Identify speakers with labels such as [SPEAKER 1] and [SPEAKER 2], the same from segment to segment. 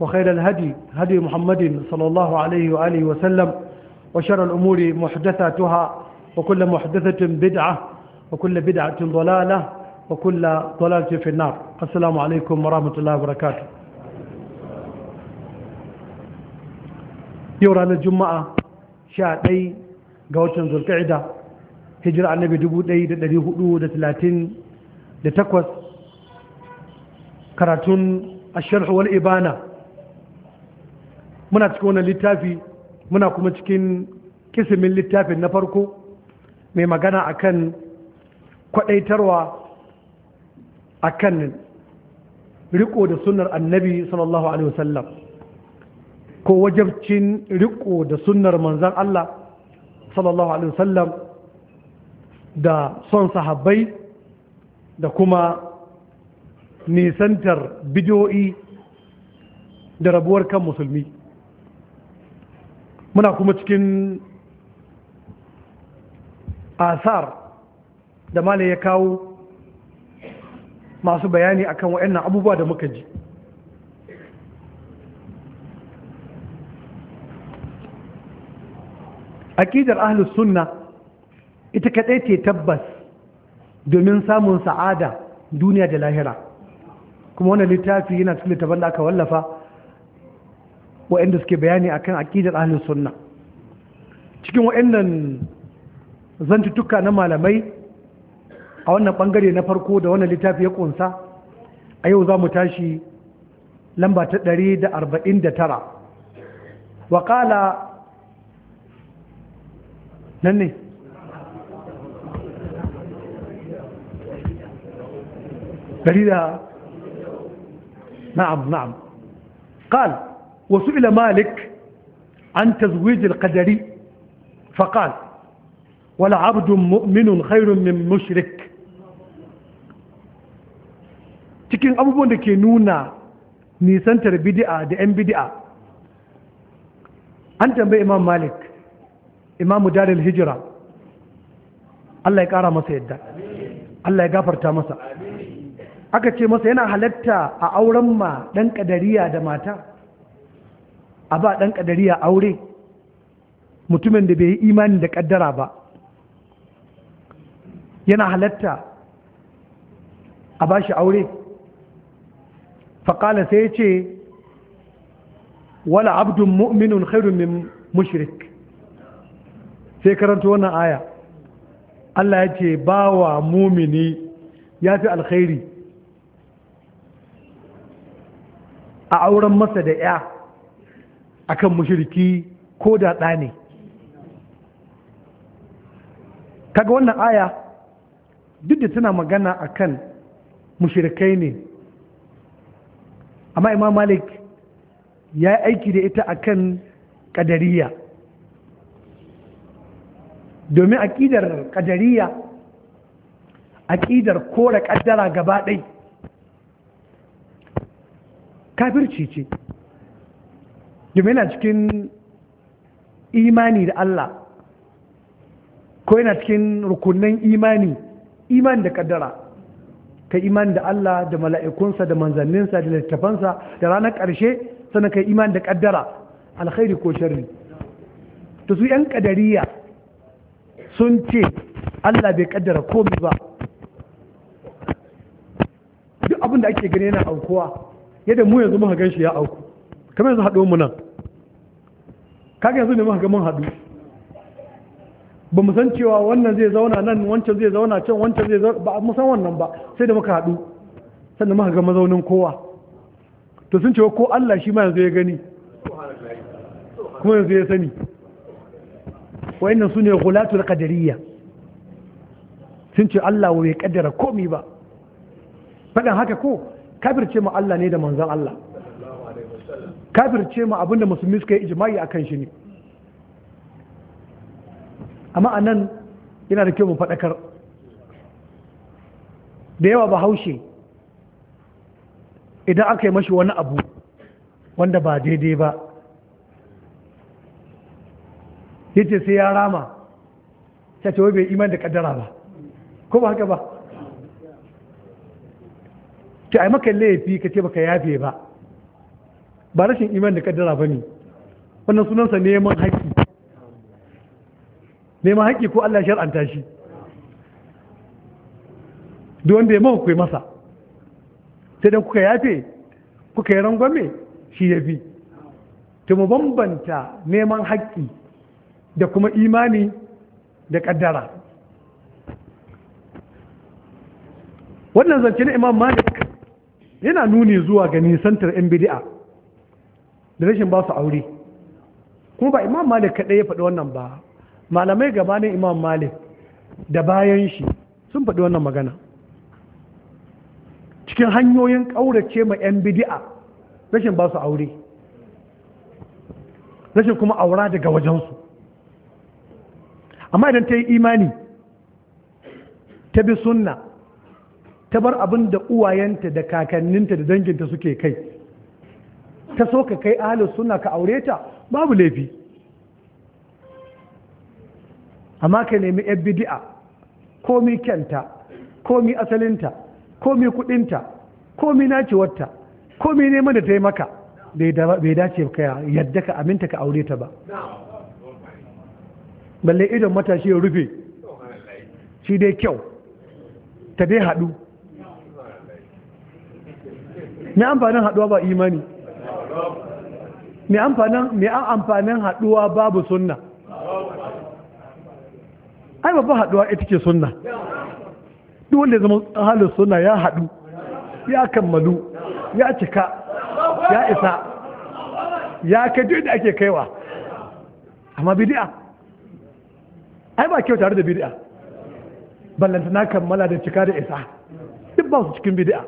[SPEAKER 1] وخير الهدي هدي محمد صلى الله عليه وآله وسلم وشر الأمور محدثاتها وكل محدثة بدعة وكل بدعة ضلالة وكل ضلالة في النار السلام عليكم ورحمة الله وبركاته يورا الجمعة شاعتي قوشن ذو القعدة هجرة النبي دبودي الذي هدود ثلاثين لتكوث كراتون الشرح والإبانة muna cikin wannan littafi muna kuma cikin kisimin littafin na farko mai magana a akan kwadaitarwa kan riko da sunar annabi sallallahu alaihi wasallam ko wajabcin riko da sunar manzan Allah sallallahu alaihi wasallam da son sahabbai da kuma nisantar bidiyo'i da rabuwar kan musulmi muna kuma cikin asar da mala ya kawo masu bayani akan waɗannan abubuwa da muka ji aƙidar ahlus sunna ita kaɗai ce tabbas domin samun sa'ada duniya da lahira kuma wani littafi yana cikin littafin da aka wallafa waɗanda suke bayani a kan aƙidar ahalin sunna cikin waɗannan zantuttuka na malamai a wannan bangare na farko da wannan littafi ya ƙunsa a yau za mu tashi lamba ta 149 wa qala nan ne da Na'am, na'am. قال wasu ila malik an tazwijil qadari faqal wala abdun mu'minun khairun mushrik cikin abubuwan da ke nuna nisantar bid'a da 'yan bid'a an tambayi imam malik imamu dalil hijira Allah ya kara masa yadda Allah ya gafarta masa aka ce masa yana halatta a auren ma ɗan ƙadariya da mata a ba ɗan a aure mutumin da bai yi imanin da ƙaddara ba yana halatta a ba shi aure faƙala sai ce wala abdun mu'minun khairun min mushrik sai karanta wannan aya Allah ya ce ba wa mumini ya fi alkhairi a auren masa da ya akan mushriki ko da ɗa ne kaga wannan aya duk da tana magana akan mushrikai ne amma imam malik ya yi aiki da ita akan kadariya domin aƙidar kadariya aƙidar kore kaddara gaba kafirci ce domin yana cikin imani da Allah ko yana cikin rukunin imani imani da kaddara ka imani da Allah da mala'ikunsa da manzanninsa da littafansa da ranar ƙarshe sannan ka imani da kaddara alkhairi ko sharri to su 'yan kadariya sun ce Allah bai kaddara komai ba duk abin da ake gani yana aukuwa yadda mu yanzu muka gan shi ya auku kamar yanzu haɗo mu nan kaga yanzu ne muka ga mun haɗu ba mu san cewa wannan zai zauna nan wancan zai zauna can wancan zai zauna ba mu san wannan ba sai da muka haɗu sannan muka ga mazaunin kowa to sun cewa ko Allah shi ma yanzu ya gani kuma yanzu ya sani wa'annan su ne hulatul qadariyya sun ce Allah bai kaddara komi ba fadan haka ko kafirce mu Allah ne da manzon Allah ce ma abinda musulmi suka yi jima'i a kan shi ne amma a nan yana da kyau mu faɗakar da yawa ba haushe idan aka yi mashi wani abu wanda ba daidai ba ce sai ya rama ta ce bai iman da kaddara ba ko ba haka ba ta ai maka laifi ka ce baka yafe ba ba rashin iman da kaddara ba ne wannan sunansa neman haƙƙi neman haƙƙi ko Allah shar'anta shi duk wanda ya mahukwai masa sai dan kuka yafe kuka yi rangwame shi ya fi ta mu bambanta neman haƙƙi da kuma imani da ƙaddara wannan zance na imam malik yana nuni zuwa ga nisantar 'yan bidi'a da rashin ba su aure kuma ba imam malik kaɗai ya faɗi wannan ba malamai gabanin imam malik da bayan shi sun faɗi wannan magana cikin hanyoyin ƙaurace ma 'yan bidi'a rashin ba su aure rashin kuma aura daga wajensu amma idan ta yi imani ta bi sunna ta bar abin da uwayenta da kakanninta da danginta suke kai ta so ka kai ahalus suna ka aure ta babu laifi amma ka nemi yan bidi'a komi kyanta komi asalinta komi kudinta komi nacewarta komi neman da ta yi maka bai dace ka yadda ka aminta ka aure ta ba balle idon matashi ya rufe shi dai kyau ta dai haɗu na amfanin haɗuwa ba imani me amfanin me an amfanin haduwa babu sunna ai babu haduwa ita ke sunna duk wanda ya zama halin sunna ya hadu ya kammalu ya cika ya isa ya kai duk da ake kaiwa amma bid'a ai ba kyau tare da bid'a ballanta na kammala da cika da isa duk ba su cikin bid'a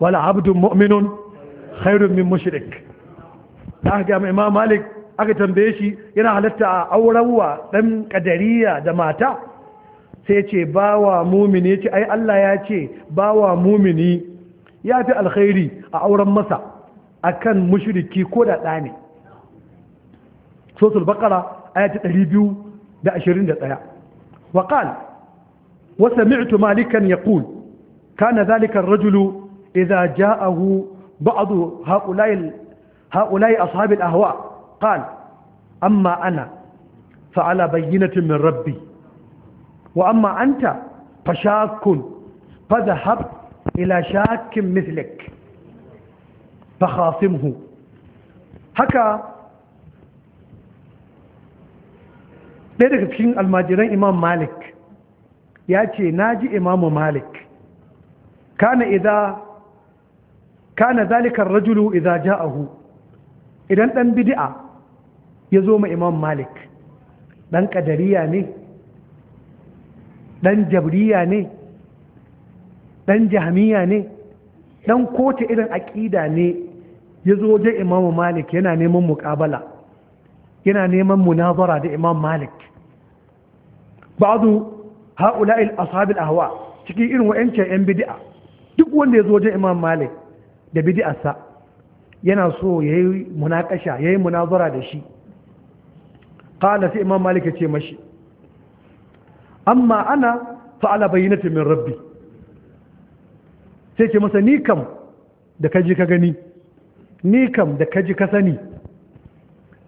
[SPEAKER 1] wala abdun mu'minun khairun min mushrik ta ga mai imam malik aka tambaye shi yana halatta a wa dan kadariya da mata sai ce bawa mumini ce ai Allah ya ce bawa mumini ya fi alkhairi a auren masa akan mushriki ko da ɗa ne sosul bakara ayata 221 وقال malikan مالكا يقول كان ذلك الرجل ja ahu. بعض هؤلاء هؤلاء أصحاب الأهواء قال أما أنا فعلى بينة من ربي وأما أنت فشاك فذهب إلى شاك مثلك فخاصمه هكا ذلك daga cikin إمام مالك malik ya ce na ji imamu kana zalika rajulu idza ja'ahu idan dan bid'a ya zo ma imam malik dan kadariya ne dan jabriya ne dan jahmiya ne dan kota irin aƙida ne ya zo wajen imam malik yana neman muƙabala yana neman munazara da imam malik ba'adu ha'ula'il ashabil ahwa cikin irin wa'ancan yan bid'a duk wanda ya zo wajen imam malik da bid'arsa yana so ya yi munakasha ya yi munazara da shi ƙala sai imam malik ce mashi amma ana fa'ala bayyanatin min rabbi sai ce masa ni kam da kaji ka gani ni kam da kaji ka sani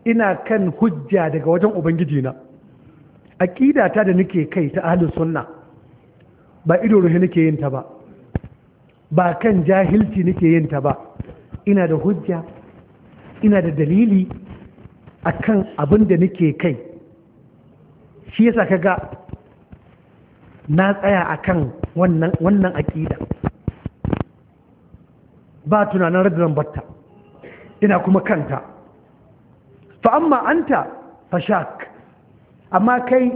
[SPEAKER 1] ina kan hujja daga wajen Ubangiji ubangijina aƙidata da nake kai ta ahlus sunna ba ido ruhi nake yin ta ba ba kan jahilci nake yin ta ba ina da hujja ina da dalili kan abin da nake kai shi yasa ga? na tsaya akan wannan wannan aƙida ba tunanin radiran batta ina kuma kanta fa amma anta fashak amma kai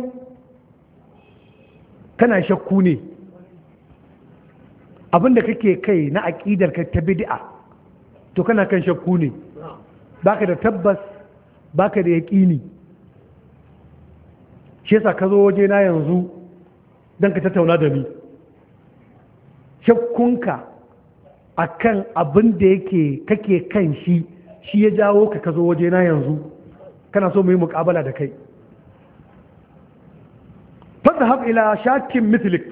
[SPEAKER 1] kana shakku ne abin da kake kai na aƙidar ka ta bidi'a to kana kan shakku ne baka da tabbas baka da yaƙini shi yasa ka zo waje na yanzu don ka tattauna da ni shakkunka akan abin da yake kake kan shi shi ya jawo ka ka zo waje na yanzu kana so mu yi muƙabala da kai fasa ila shakin mitilik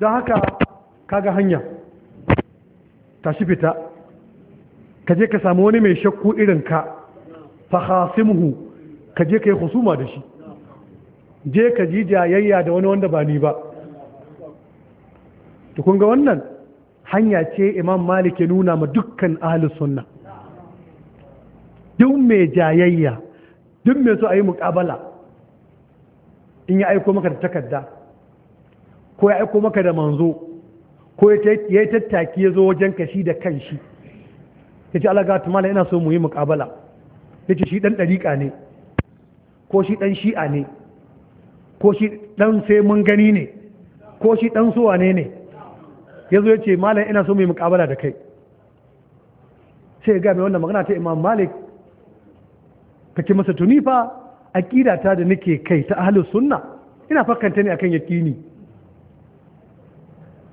[SPEAKER 1] don haka kaga hanya tashi fita ka je ka samu wani mai shakku irin ka fahasimuhu ka je ka yi husuma da shi je ka ji jayayya da wani wanda ba ni ba to kun ga wannan hanya ce imam malik ya nuna ma dukkan ahli sunna duk mai jayayya duk mai so a yi muƙabala in ya aiko maka da takarda ko ya aiko maka da manzo ko ya yi tattaki ya zo wajen kashi da kanshi ya ce alaga tumala ina so mu yi muƙabala ya ce shi ɗan ɗariƙa ne ko shi ɗan shi'a ne ko shi ɗan sai mun gani ne ko shi ɗan suwa ne ne ya zo ya ce malam ina so mu yi muƙabala da kai sai ga gami wannan magana ta imam malik kake masa tuni fa aqida ta da nake kai ta ahalus sunna ina fakanta ne akan yaƙini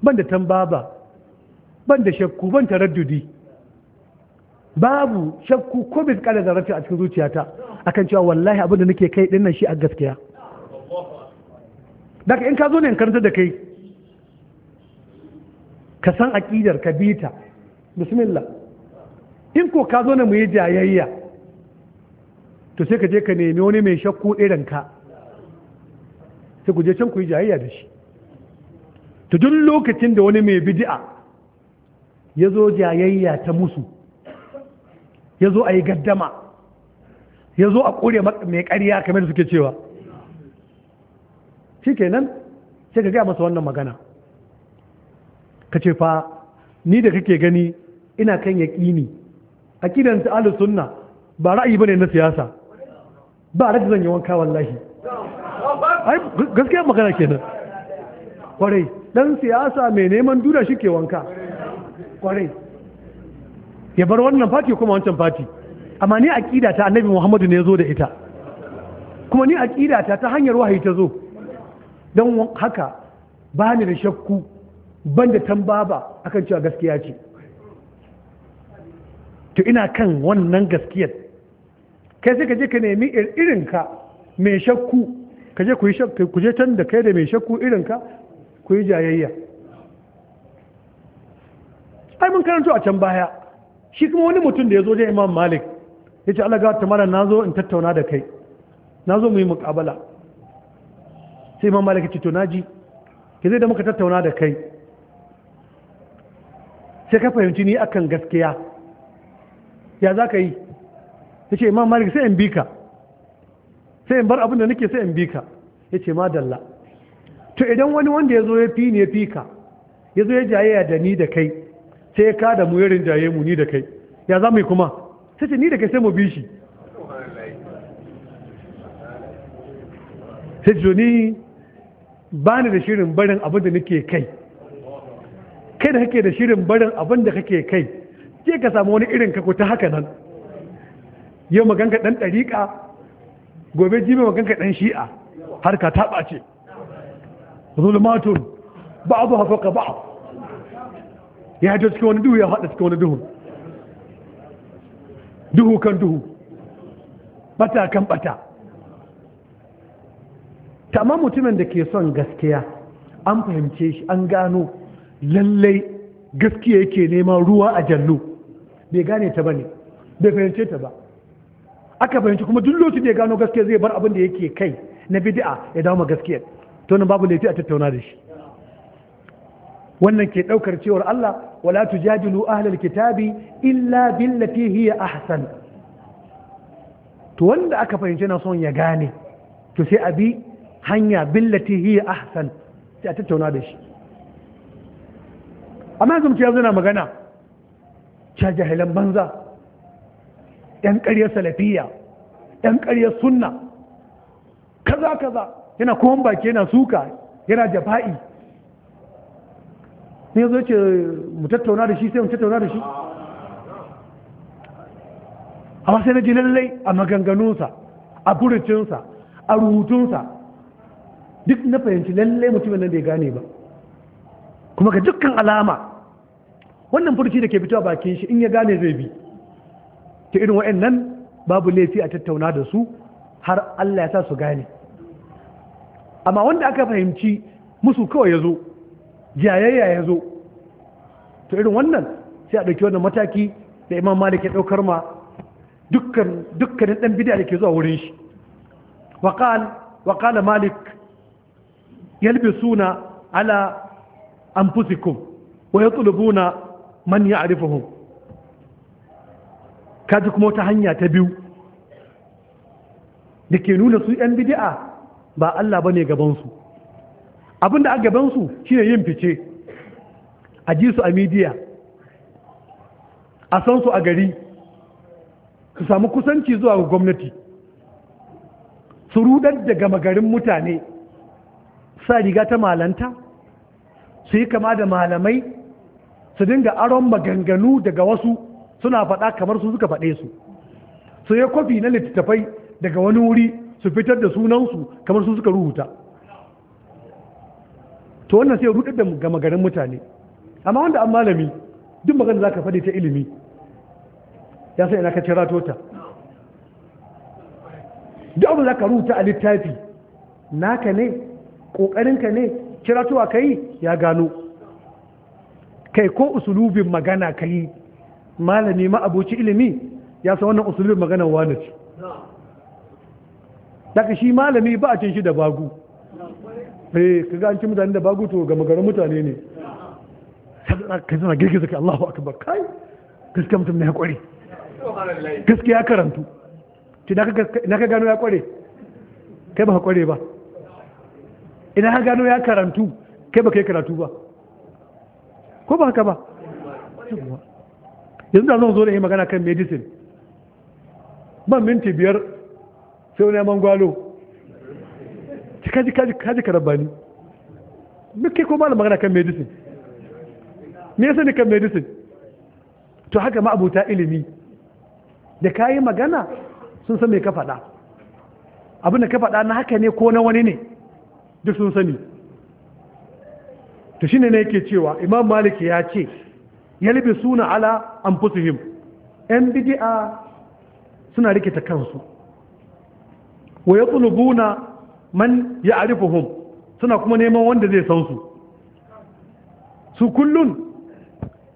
[SPEAKER 1] ban da tambaba ban da shakku ban taraddudi babu shakku ko bai kada zarafi a cikin zuciyata akan cewa wallahi abin da nake kai nan shi a gaskiya daga in ka zo ne in karanta da kai ka san aƙidar ka bita, bismillah in ko ka zo ne mu yi jayayya to sai ka je ka nemi wani mai shakku irin ka sai ku je can ku yi jayayya da shi to duk lokacin da wani mai bid'a ya zo jayayya ta musu ya zo a yi gaddama ya zo a kore mai ƙarya kamar suke cewa shi kenan sai ka gaya masa wannan magana ka ce fa ni da kake gani ina kan yaƙini aƙidan ta ahlus sunna ba ra'ayi ne na siyasa ba ra'ayi zan yi wanka wallahi ai gaskiya magana kenan kwarai dan siyasa mai neman duna shi ke wanka kwarai ya bar wannan fati kuma wancan fati amma ni aqida ta annabi muhammadu ne ya zo da ita kuma ni aqida ta ta hanyar wahayi ta zo don haka ba ni da shakku ban da tambaba akan cewa gaskiya ce to ina kan wannan gaskiyar kai sai ka je ka nemi irinka mai shakku ka je shakku ku je can da kai da mai shakku irinka ku yi jayayya ai mun karanto a can baya shi kuma wani mutum da ya zo da imam malik ya ce alaga ta mara na zo in tattauna da kai na zo mu yi mukabala sai imam malik ya ce to na ji ki zai da muka tattauna da kai sai ka fahimci ni akan gaskiya ya za ka yi ya ce imam malik sai in bi ka sai in bar abin da nake sai in bi ka ya ce ma dalla to idan wani wanda ya zo ya fi ne fi ka ya zo ya jayayya da ni da kai sai ya kada mu yarin jaye mu ni da kai ya za mu kuma sai ce ni da kai sai mu bi shi sai ce ni ba ni da shirin barin abin da nake kai kai da kake da shirin barin abin da kake kai sai ka samu wani irin kako ta haka nan yau maganka dan ɗariƙa gobe jibe maganka dan shi'a harka ta ɓace zulmatun ba'adu hafaka ba'ad ya haɗa cikin wani duhu ya haɗa cikin wani duhu duhu kan duhu bata kan bata tamam mutumin da ke son gaskiya an fahimce shi an gano lallai gaskiya yake neman ruwa a jallo bai gane ta ba ne bai fahimce ta ba aka fahimci kuma duk lokacin da ya gano gaskiya zai bar abin da yake kai na bid'a ya dawo ma gaskiyar tonin babu laifi a tattauna da shi wannan ke ɗaukar cewar Allah wala tujadilu ahlal kitabi illa billati hiya ahsan to wanda aka fahimci na son ya gane to sai a bi hanya billati hiya ahsan sai a tattauna da shi amma yanzu magana cha jahilan banza yan ƙaryar salafiya yan ƙaryar sunna kaza kaza yana kowon baki yana suka yana jafa'i sai zo ce mu tattauna da shi sai mu tattauna da shi amma sai na ji lallai a maganganunsa a furucinsa a rubutunsa duk na fahimci lallai mutumin nan bai gane ba kuma ga dukkan alama wannan furci da ke a bakin shi in ya gane zai bi ta irin wa'in nan babu laifi a tattauna da su har Allah ya sa su gane amma wanda aka fahimci musu kawai ya zo jayayya ya zo to irin wannan sai a ɗauki wannan mataki da imam malik ya ɗaukar ma dukkanin ɗan bidiyar da ke zuwa wurin shi waƙala malik suna ala anfusikum wa manya man ya'rifuhum kaji kuma wata hanya ta biyu da ke nuna su 'yan bidi'a ba Allah ba ne gabansu abinda a gabansu shine yin fice a ji su a midiya a san su a gari su samu kusanci zuwa ga gwamnati su rudar da gama garin mutane sa riga ta malanta su yi kama da malamai su dinga aron maganganu daga wasu suna faɗa kamar su suka faɗe su su yi kwafi na littattafai daga wani wuri su fitar da sunansu kamar su suka rubuta to wannan sai rudar da gama mutane amma wanda an malami duk magana za ka faɗi ta ilimi ya sai ina ka cira tota duk abin za ka rubuta a littafi naka ne ƙoƙarinka ne cira tuwa ka yi ya gano kai ko usulubin magana ka yi malami ma'abuci ilimi ya san wannan usulubin magana wani ce daga shi malami ba a cin shi da bagu eh kaga an ci mutane da bagu to ga magarin mutane ne ka zana girgiza kai Allahu akbar kai gaskiya mutum ne ya kware gaskiya ya karantu to na ka gano ya kware kai ba ka kware ba ina ka gano ya karantu kai ba kai karatu ba ko ba haka ba yanzu da zo da yi magana kan medicine ban minti biyar sai wani yaman gwalo kaji kaji kaji karabani muke ko malam magana kan medicine me yasa ne kan medicine to haka ma abuta ilimi da kayi magana sun san me ka faɗa abin da ka faɗa na haka ne ko na wani ne duk sun sani to shine ne yake cewa imam malik ya ce yalbi suna ala anfusihim yan bidi'a suna rikita kansu wa yatlubuna man ya ya'rifuhum suna kuma neman wanda zai san su su kullun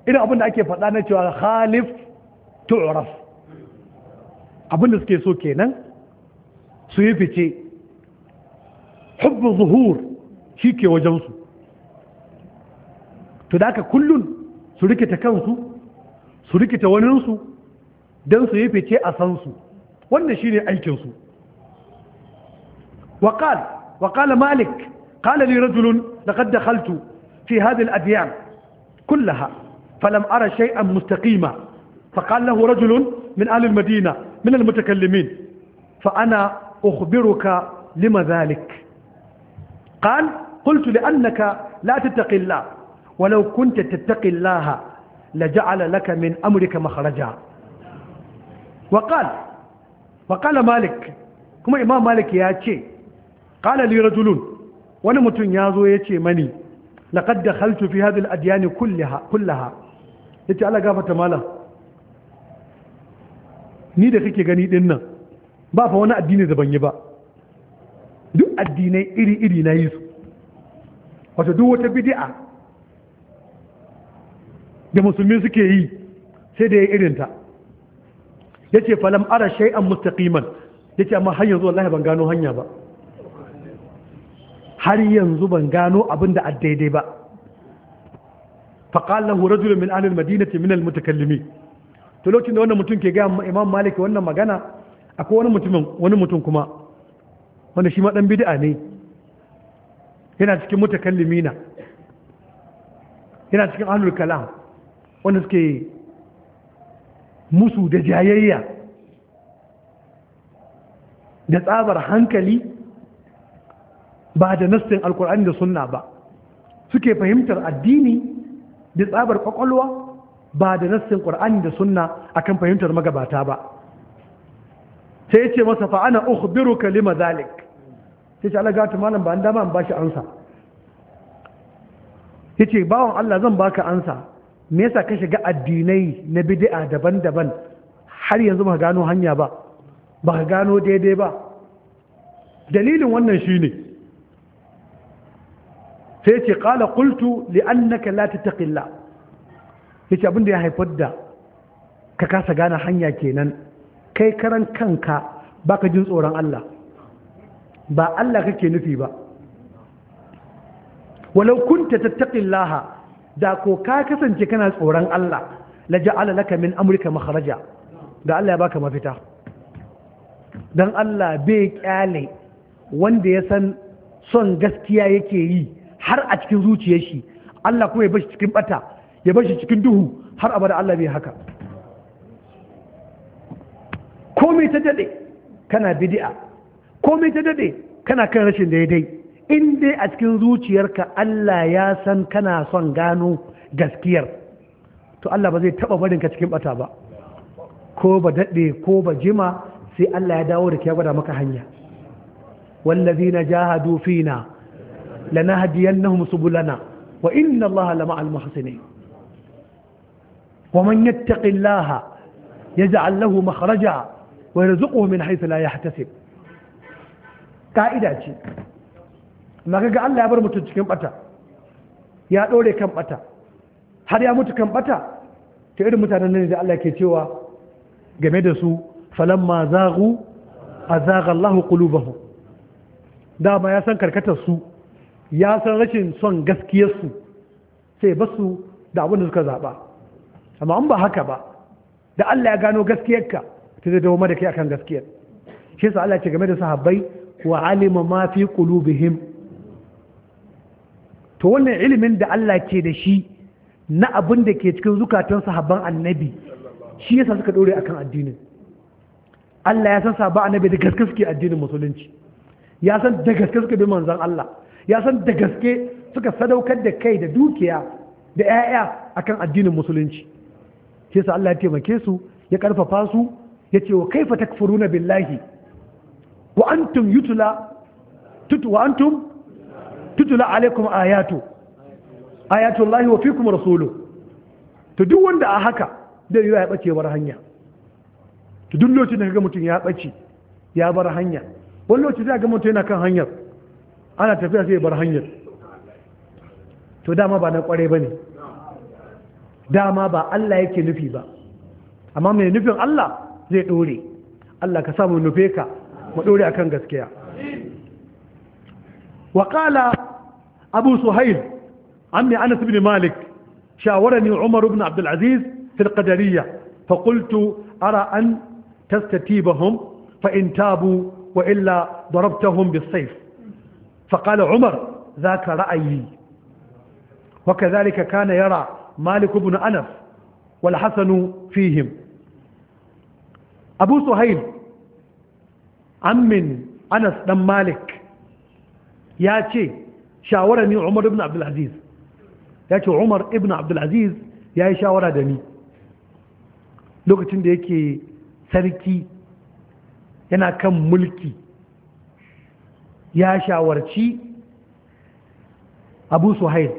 [SPEAKER 1] irin abin da ake faɗa na cewa khalif tu'raf abin da suke so kenan su yi fice hubbu zuhur shi ke wajensu to da aka kullun su rikita kansu su rikita waninsu don su yi fice a sansu wannan shi ne aikinsu وقال وقال مالك قال لي رجل لقد دخلت في هذه الأديان كلها فلم أرى شيئا مستقيما فقال له رجل من أهل المدينة من المتكلمين فأنا أخبرك لما ذلك قال قلت لأنك لا تتقي الله ولو كنت تتقي الله لجعل لك من أمرك مخرجا وقال وقال مالك كما إمام مالك يا شيء qala li rajulun wani mutum ya zo ya ce mani laqad dakhaltu fi hadhihi al-adyan kullaha kullaha yace Allah gafarta malam ni da kake gani din nan ba fa wani addini da ban yi ba duk addinai iri-iri na yi su wato duk wata bidi'a? da musulmi suke yi sai da ya irinta yace falam ara shay'an mustaqiman yace amma har yanzu wallahi ban gano hanya ba har yanzu ban gano abin da daidai ba faƙal lahu rajulun min al madinati min al-mutakallimi to lokacin da wannan mutum ke ga imam malik wannan magana akwai wani mutumin wani mutum kuma wanda shi ma dan bid'a ne yana cikin mutakallimina yana cikin al kalam wanda suke musu da jayayya da tsabar hankali ba da nassin alkur'ani da sunna ba suke fahimtar addini da tsabar kwakwalwa ba da nassin qur'ani da sunna akan fahimtar magabata ba sai ya ce masa fa ana ukhbiruka lima zalik sai ce alaga ta malam ba an dama an bashi ansa yace bawon Allah zan baka ansa me yasa ka shiga addinai na bid'a daban-daban har yanzu ba gano hanya ba ba gano daidai ba dalilin wannan shine sai ce kala kultu li'annaka la tattaqilla yace abin da ya haifar da ka kasa gane hanya kenan kai karan kanka baka jin tsoron Allah ba Allah kake nufi ba walau kunta tattaqillaha da ko ka kasance kana tsoron Allah la ja'ala laka min amrika makhraja da Allah ya baka mafita dan Allah bai kyale wanda ya san son gaskiya yake yi har a cikin zuciyar shi Allah kuma ya bashi cikin bata ya bashi cikin duhu har abada Allah bai haka komai ta dade kana bid'a komai ta dade kana kan rashin daidai in dai a cikin zuciyarka Allah ya san kana son gano gaskiyar to Allah ba zai taba barin ka cikin bata ba ko ba dade ko ba jima sai Allah ya dawo da ke gwada maka hanya wallazina jahadu fina لنهدينهم سبلنا وإن الله لمع المحسنين ومن يتق الله يجعل له مخرجا ويرزقه من حيث لا يحتسب ka'ida ما كان الله يبر متو cikin bata ya dore kan bata har ya mutu kan bata to irin mutanen nan da Allah ke cewa game da su falamma zaghu azagha Allahu qulubahum dama ya san karkatar su ya san rashin son gaskiyarsu sai ba su da abin da suka zaɓa amma an ba haka ba da Allah ya gano gaskiyarka ta zai dawo da kai akan gaskiyar shi sa Allah ce game da sahabbai wa alima ma fi qulubihim to wannan ilimin da Allah ke da shi na abin da ke cikin zukatan sahabban annabi shi yasa suka dore akan addinin Allah ya san sahabban annabi da gaske suke addinin musulunci ya san da gaske suke bi manzon Allah ya san da gaske suka sadaukar da kai da dukiya da 'ya'ya akan addinin musulunci shi yasa Allah ya taimake su ya karfafa su ya ce wa kaifa takfuruna billahi wa antum yutla tutu wa antum tutula alaikum ayatu ayatullahi wa fikum rasulu to duk wanda a haka da yiwa ya bace bar hanya to duk lokacin da kaga mutum ya bace ya bar hanya wani lokacin da ga mutum yana kan hanyar ana tafiya sai bar hanyar to dama ba na kware ba ne dama ba Allah yake nufi ba amma mai nufin Allah zai ɗore Allah ka samu nufe ka mu ɗore a kan gaskiya waƙala abu suhail an mai anas bin malik shawarani umar ibn abdulaziz fil qadariyya fa qultu ara an tastatibahum fa in tabu wa illa darabtahum bis sayf فقال عمر ذاك رأيي وكذلك كان يرى مالك بن أنس والحسن فيهم أبو سهيل عم أنس بن مالك ياتي شاورني عمر بن عبد العزيز ياتي عمر بن عبد العزيز ya yi shawara da ni lokacin da yake sarki yana kan mulki ya shawarci abu suhail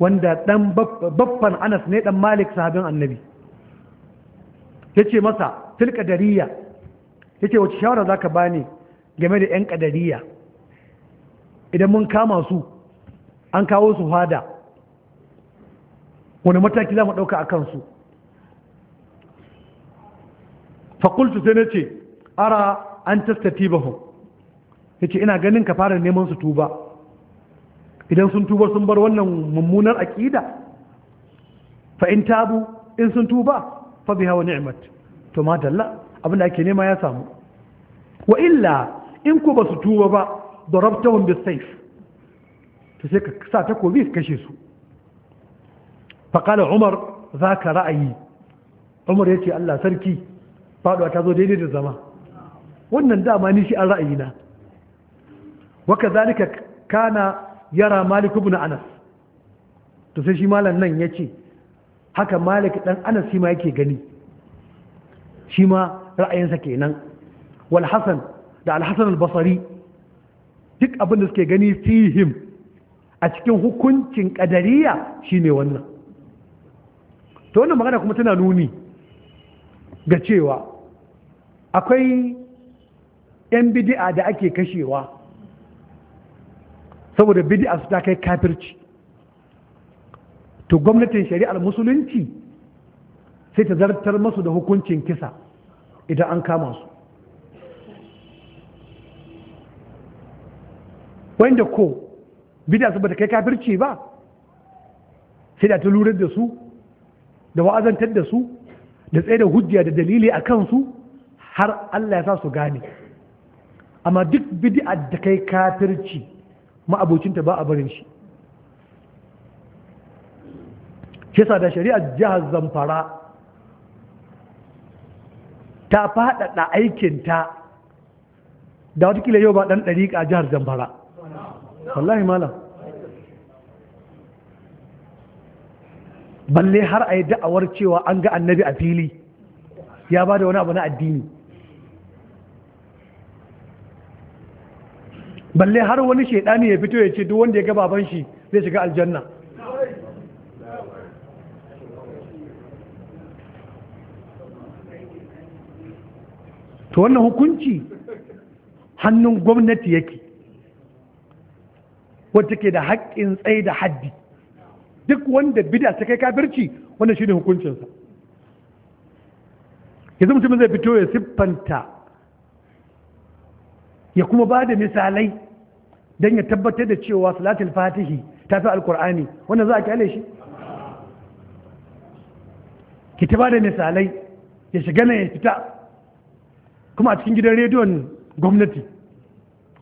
[SPEAKER 1] wanda ɗan babban anas ne ɗan malik sahabin annabi ya ce masa fil dariya. ya ce wace shawara za ka bani game da 'yan ƙadariya idan mun kama su an kawo su fada wani mataki za mu ɗauka a kansu fakultu sai na ce ara an tastati yace ina ganin ka fara neman su tuba idan sun tuba sun bar wannan mummunar aqida fa in tabu in sun tuba fa biha wa ni'mat to ma abinda ake nema ya samu wa illa in ko ba su tuba ba darabtahum bisayf to sai ka sa takobi ka kashe su faƙala umar za ka ra'ayi umar ya ce allah sarki faɗuwa ta zo daidai da zama wannan dama ni shi an na. waka zalika kana yara malik ibn anas to sai shi malam nan ya ce haka malik dan anas shi yake gani Shima ra'ayinsa kenan wal da al hasan al basri duk abin da suke gani fihim a cikin hukuncin kadariya shine wannan to wannan magana kuma tana nuni ga cewa akwai 'yan bidi'a da ake kashewa saboda bid'a su ta kai kafirci to gwamnatin shari'ar musulunci sai ta zartar masu da hukuncin kisa idan an kama su wanda ko bid'a su bata kai kafirci ba sai da ta lura da su da wa'azantar da su da tsaye da hujja da dalili a kansu har Allah ya sa su gane amma duk bid'a da kai kafirci ma'abocinta ba a barin shi kisa da shari'ar jihar zamfara ta faɗaɗa aikinta da watakila yau ba ɗan ɗariƙa a jihar zamfara wallahi malam balle har a yi da'awar cewa an ga annabi a fili ya ba da wani abu na addini balle har wani shaidani ya fito ya ce duk wanda ya ga baban shi zai shiga aljanna to wannan hukunci hannun gwamnati yake wata ke da haƙƙin tsaye da haddi duk wanda bida ta kai kafirci wanda shi ne hukuncinsa yanzu mutumin zai fito ya siffanta ya kuma ba da misalai don ya tabbatar da cewa salatul fatihi ta fi alkur'ani wanda za a kyale shi ki ta ba da misalai ya shiga na ya fita kuma a cikin gidan rediyon gwamnati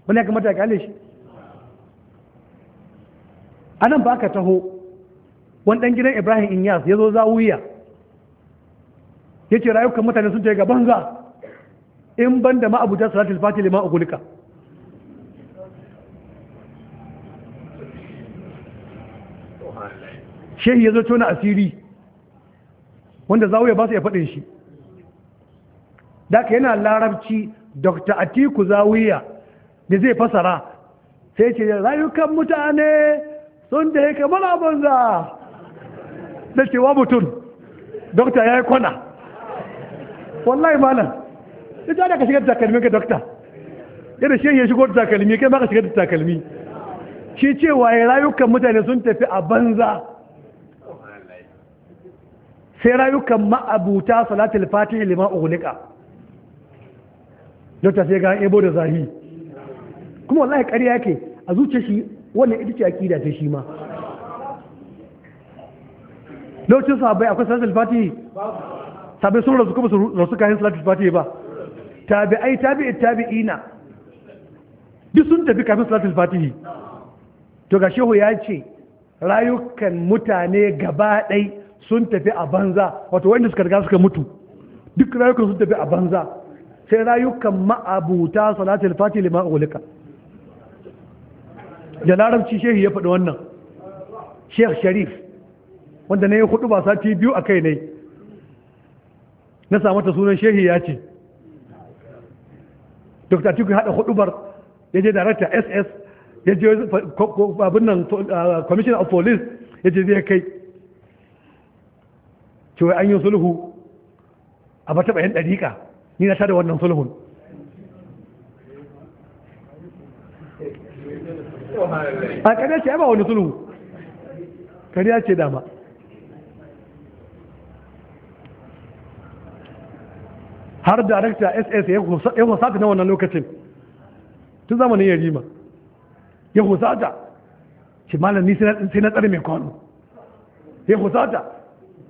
[SPEAKER 1] wani ya kamata ya kyale shi a nan ba ka taho wani ɗan gidan ibrahim inyas ya zo zawuya ya ce rayukan mutane sun ce ga banza in ban da ma'abuta salatul fatih lima ugulika
[SPEAKER 2] shehi ya zo tona asiri
[SPEAKER 1] wanda ya ba su ya faɗin shi daka yana larabci dr atiku zawiya da zai fasara sai ce rayukan mutane sun da ya kamar da cewa mutum dokta ya yi kwana wallahi malam ita da ka shiga da takalmi ka dokta yadda shi ya shigo da takalmi kai ma ka shiga da takalmi shi cewa ya rayukan mutane sun tafi a banza sai rayukan ma'abuta salatul fatihi lima ughliqa dokta sai ga ebo da zahi kuma wallahi ƙarya yake a zuciyar shi wannan ita ce akida ta shi ma lokacin sahabbai akwai salatul fatihi sabai sun rasu kuma su rasu kayan salatul fatihi ba tabi'ai tabi'i tabi'ina duk sun tafi kafin salatul fatihi to ga shehu ya ce rayukan mutane gaba ɗai sun tafi a banza wato wanda suka riga suka mutu duk rayukan sun tafi a banza sai rayukan ma'abuta salatul fatihi lima ulika da larabci shehu ya faɗi wannan sheikh sharif wanda na yi hudu ba sati biyu a kai ne na samu ta sunan shehi ya ce dr tukun hada hudubar ya je darakta ss ya je abin nan ah, commission of police ya je zai kai cewa an yi sulhu a ba taɓa yan ɗariƙa ni na tada wannan sulhun
[SPEAKER 2] a ƙarya ce ba wani sulhu
[SPEAKER 1] ƙarya ce dama har darakta ss ya husata na wannan lokacin tun zamanin ya rima ya husata shi ni sai na tsari mai kwano ya husata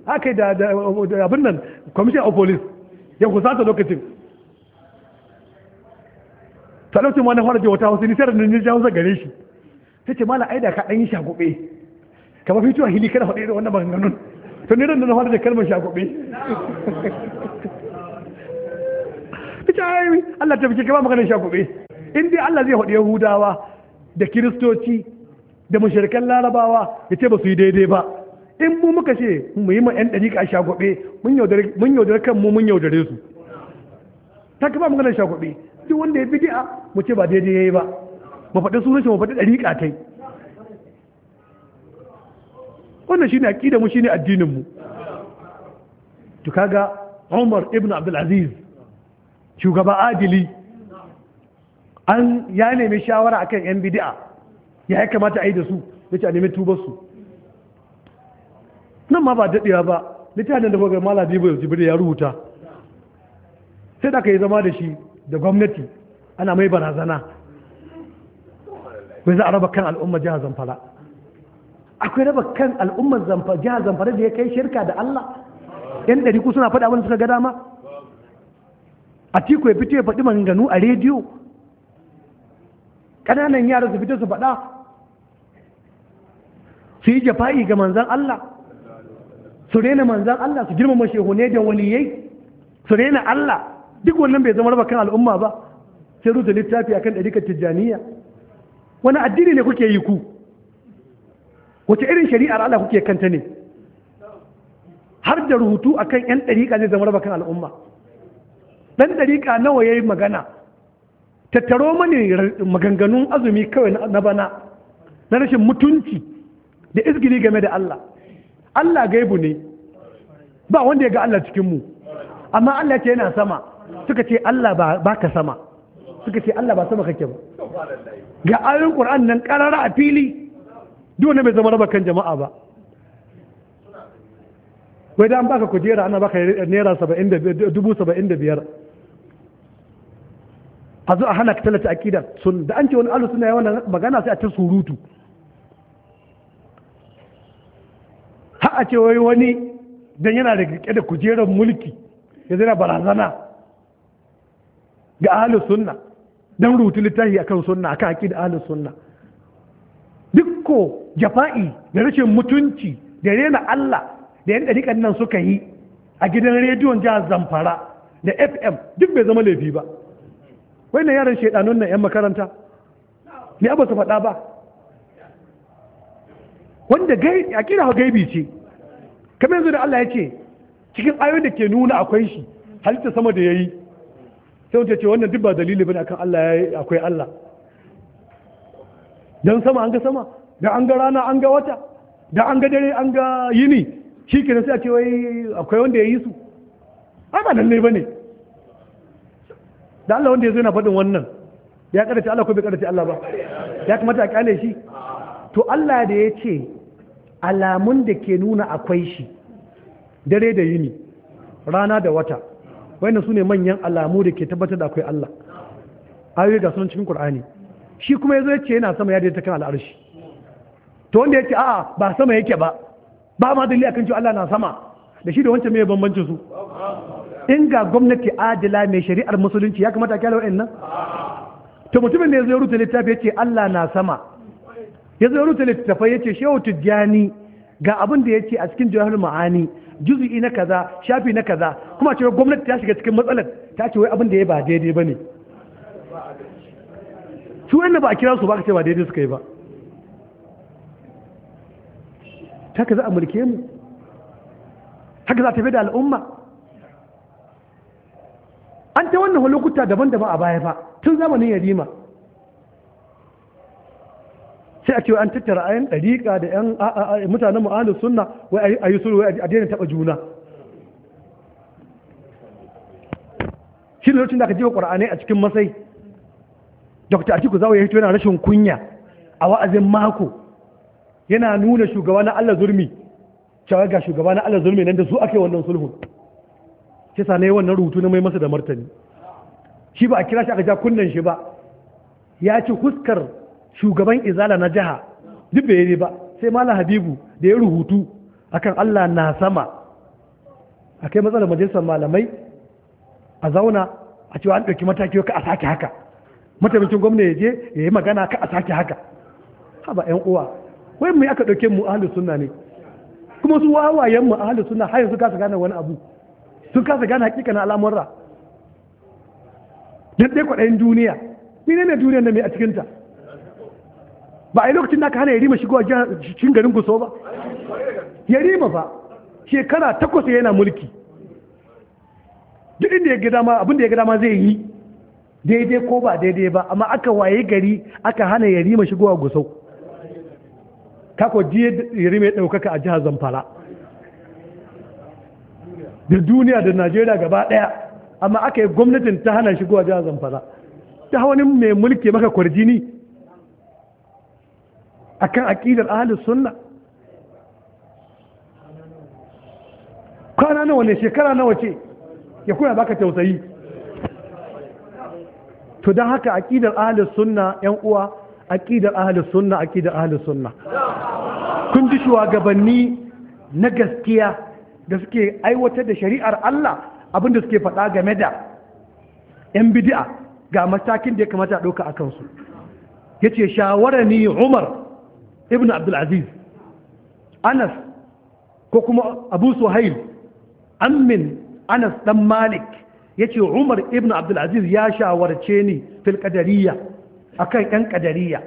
[SPEAKER 1] haka yi da abin nan commission of police ya husata lokacin talautin wani fara wata hausa ni sai da nijin hausa gare shi ta ce mala aida ka ɗanyi shagube mafi fitowa hili kada faɗi da wannan maganganun to ne da na fara da kalmar shagube ita ayoyi Allah ta fice kama maganin shakube in dai Allah zai haɗu Yahudawa da Kiristoci da mushrikan Larabawa ya ce ba su yi daidai ba in mu muka ce mu yi ma yan dariƙa shagwabe mun yaudare kan mu mun yaudare su ta kama maganin shagwabe duk wanda ya bid'a mu ce ba daidai yayi ba mu faɗi sunan shi mu faɗi dariƙa tai wannan shine aqida mu shine addinin mu to kaga Umar ibn Abdul Aziz shugaba adili an ya nemi shawara a kan yan bidi'a ya kamata a yi da su da ce a nemi tubarsu nan ma ba daɗewa ba littafin da bugar mala dibu jibril ya rubuta sai da aka yi zama da shi da gwamnati ana mai barazana mai za a raba kan al'umma jihar zamfara akwai raba kan al'ummar jihar zamfara da ya kai shirka da allah yan ɗari ku suna faɗa wani suka ga dama a tiko ya fito ya faɗi maganganu a rediyo ƙananan yara su fito su faɗa su yi jafa'i ga manzan Allah su rena manzan Allah su girmama shehune da waliyai su rena Allah duk wannan bai zama raba kan al'umma ba sai rute littafi akan ɗarikar tijjaniya wani addini ne kuke yi ku wace irin shari'ar Allah kuke kanta ne har da rubutu akan 'yan ɗariƙa zai zama raba kan al'umma Ɗan dariƙa nawa ya yi magana tattaro mani maganganun azumi kawai na bana na rashin mutunci da izgili game da Allah Allah gaibu ne ba wanda ya ga Allah cikinmu, amma Allah ce yana sama suka ce Allah ba ka sama suka ce Allah ba sama kake ba ga ayoyin Qur'an nan karara a fili duk bai zama raba kan jama'a ba wai da an baka kujera ana baka naira dubu saba'in da biyar a zo a hana ka tallata akidar sun da an ce wani alu suna yawan magana sai a ta surutu ha a ce wai wani dan yana da rike da kujerar mulki ya zira barazana ga ahlus sunna dan rutu littafi akan sunna akan aqida ahlus sunna dukko jafa'i da rashin mutunci da rena Allah da yan dariƙan nan suka yi a gidan rediyon jihar Zamfara da FM duk bai zama laifi ba wai na yaran shaidanun nan 'yan makaranta ne abu su faɗa ba wanda a kira gaibi ce kamar yanzu da Allah ya ce cikin ayoyin da ke nuna akwai shi halitta sama da ya yi sai wata ce wannan duk ba dalili bane akan Allah ya yi akwai Allah don sama an ga sama da an ga rana an ga wata da an ga dare an ga yini shi kenan sai a ce wai akwai wanda ya yi su ai ba lallai bane da Allah wanda ya zo yana faɗin wannan ya ƙarfi Allah ko bai ƙarfi Allah ba ya kamata a kyale shi to Allah da ya ce alamun da ke nuna akwai shi dare da yini rana da wata wani su ne manyan alamu da ke tabbatar da akwai Allah ayoyi ga sunan cikin Kur'ani shi kuma ya zai ce yana sama ya da ta kan al'arshi to wanda ya ce a'a ba sama yake ba ba ma dalili akan cewa Allah na sama da shi da wancan me bambancin su in ga gwamnati adila mai shari'ar musulunci ya kamata kyale nan? to mutumin da ya zo rubuta littafi ya ce Allah na sama ya zo rute littafi ya ce shehu tijjani ga abin da ya ce a cikin jihar ma'ani juzu'i na kaza shafi na kaza kuma cewa gwamnati ta shiga cikin matsalar ta ce wai abin da ya ba daidai ba ne su wani ba a kira su ba ka ce ba daidai suka yi ba haka za a mulke mu haka za tafi da al'umma an ta wannan lokuta daban-daban a baya ba tun zamanin yarima sai a ce an tattara ayin ɗariƙa da yan mutanen mu'alin suna wai a yi suru wai a daina taɓa juna shi lokacin da aka jiwa ƙwar'anai a cikin masai dr atiku zawo ya hito yana rashin kunya a wa'azin mako yana nuna shugaba na allah zurmi cewa ga shugaba na allah zurmi nan da su ake wannan sulhun kisa ne wannan rutu na mai masa da martani shi ba a kira shi aka ja kunnen shi ba ya ci huskar shugaban izala na jiha duk bai yi ba sai malam habibu da ya rubutu akan allah na sama a kai matsalar majalisar malamai a zauna a cewa an ɗauki mataki ka a sake haka mataimakin gwamna ya je ya yi magana ka a sake haka haba yan uwa wai mai aka ɗauke mu ahalus sunna ne kuma su wawayen mu ahalus sunna har yanzu ka su gane wani abu sun kasa gane hakika na al'amurra don dai kwaɗayin duniya ni ne duniyar da mai a cikinta ba a yi lokacin da ka hana yarima shigowa cikin garin guso ba yarima ba shekara takwas yana mulki duk inda ya gida ma abinda ya gida ma zai yi daidai ko ba daidai ba amma aka waye gari aka hana yarima shigowa gusau kako ji yarima ya ɗaukaka a jihar zamfara da duniya da najeriya gaba daya amma aka yi gwamnatin ta hana shigowa jihar zamfara ta wani mai mulki maka kwarjini akan aƙidar ahalus sunna kwana nawa ne shekara nawa ce ya koya baka tausayi to don haka aƙidar ahalus sunna yan uwa aƙidar ahalus sunna aƙidar ahalus sunna kun ji shugabanni na gaskiya da suke aiwatar da shari'ar Allah abinda suke faɗa game da 'yan bidi'a ga matakin da ya kamata a ɗauka a kansu ya ce shawara ni umar ibn abdulaziz anas ko kuma abu suhail Amin, anas ɗan malik ya ce umar ibn abdulaziz ya shawarce ni fil ƙadariya a kan 'yan ƙadariya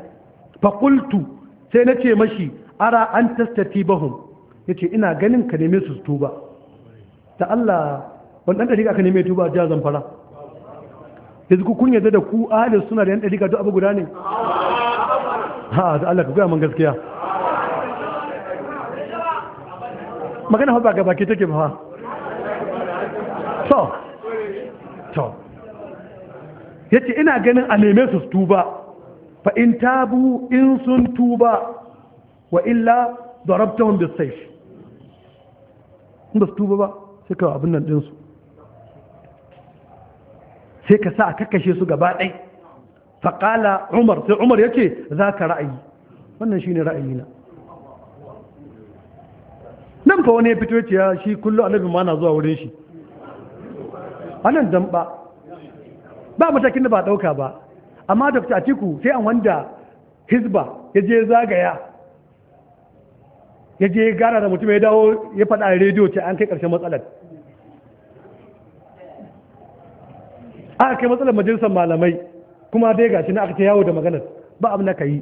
[SPEAKER 1] fakultu sai na ce mashi ara an tastati bahun ya ce ina ganin ka neme su tuba ta Allah wani ɗan ɗariƙa ka neme tuba a jihar zamfara yanzu kun yadda da ku ahalin suna da yan ɗariƙa duk abu guda ne ha ta Allah ka gaya man gaskiya
[SPEAKER 2] magana ba ga baki take ba to
[SPEAKER 1] to yace ina ganin a neme su tuba fa in tabu in sun tuba wa illa da darabtahum bis sayf in ba su tuba ba sai ka abin nan ɗinsu sai ka sa a kakashe su gaba ɗai faƙala umar sai umar ya ce za ka ra'ayi wannan shi ne ra'ayina nan fa wani ya fito ce ya shi kullu annabi ma na zuwa wurin shi nan dan ba ba matakin da ba ɗauka ba amma a atiku sai an wanda Hisba ya je zagaya ya je gana da mutum ya dawo ya faɗa a rediyo ce an kai ƙarshen matsalar a kai matsalar majalisar malamai kuma dai gashi na aka ce yawo da maganar ba abu na ka yi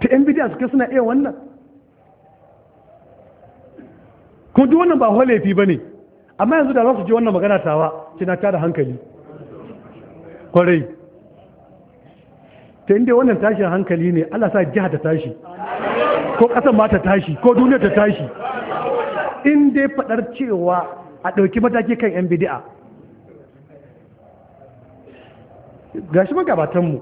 [SPEAKER 1] ta yan bidiyar suka suna iya wannan kuma duk wannan ba laifi ba ne amma yanzu da za su ji wannan magana tawa ta da hankali kwarai ta inda wannan tashin hankali ne Allah sa jiha ta tashi ko ƙasar ma ta tashi ko duniya ta tashi in dai faɗar cewa a ɗauki mataki kan 'yan bidi'a ga shi magabatanmu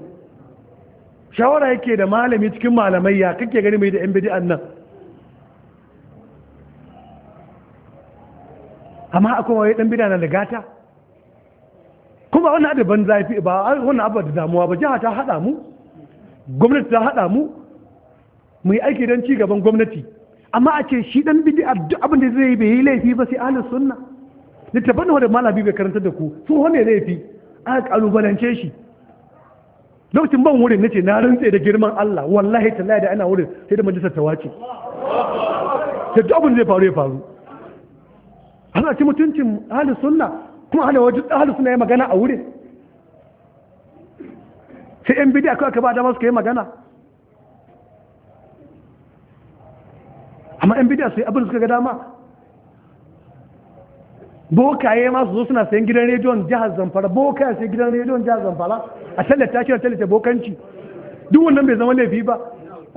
[SPEAKER 1] shawara yake da malami cikin malamai ya kake gani mai da 'yan bidi'an nan amma akwai wani ɗan bida na da gata kuma wani abu zafi ba wani abu da damuwa ba jiha ta haɗa mu gwamnati ta haɗa mu mu yi aiki don ci gaban gwamnati amma a ce shi dan bid'a duk abin da zai yi bai yi laifi ba sai ahlus sunna littafin da malami bai karanta da ku su wane laifi aka kalubalance shi lokacin ban wurin nace na rantse da girman Allah wallahi tallahi da ana wurin sai da majalisar ta wace da duk abin zai faru ya faru ana ci mutuncin ahlus sunna kuma ana wajen ahlus sunna ya magana a wurin sai yan bidiya kawai ka ba dama suka yi magana amma yan bidiya su yi abin suka ga dama bokaye masu zo suna sayan gidan rediyon jihar zamfara bokaye sai gidan rediyon jihar zamfara a tallata kira tallata bokanci duk wannan bai zama laifi ba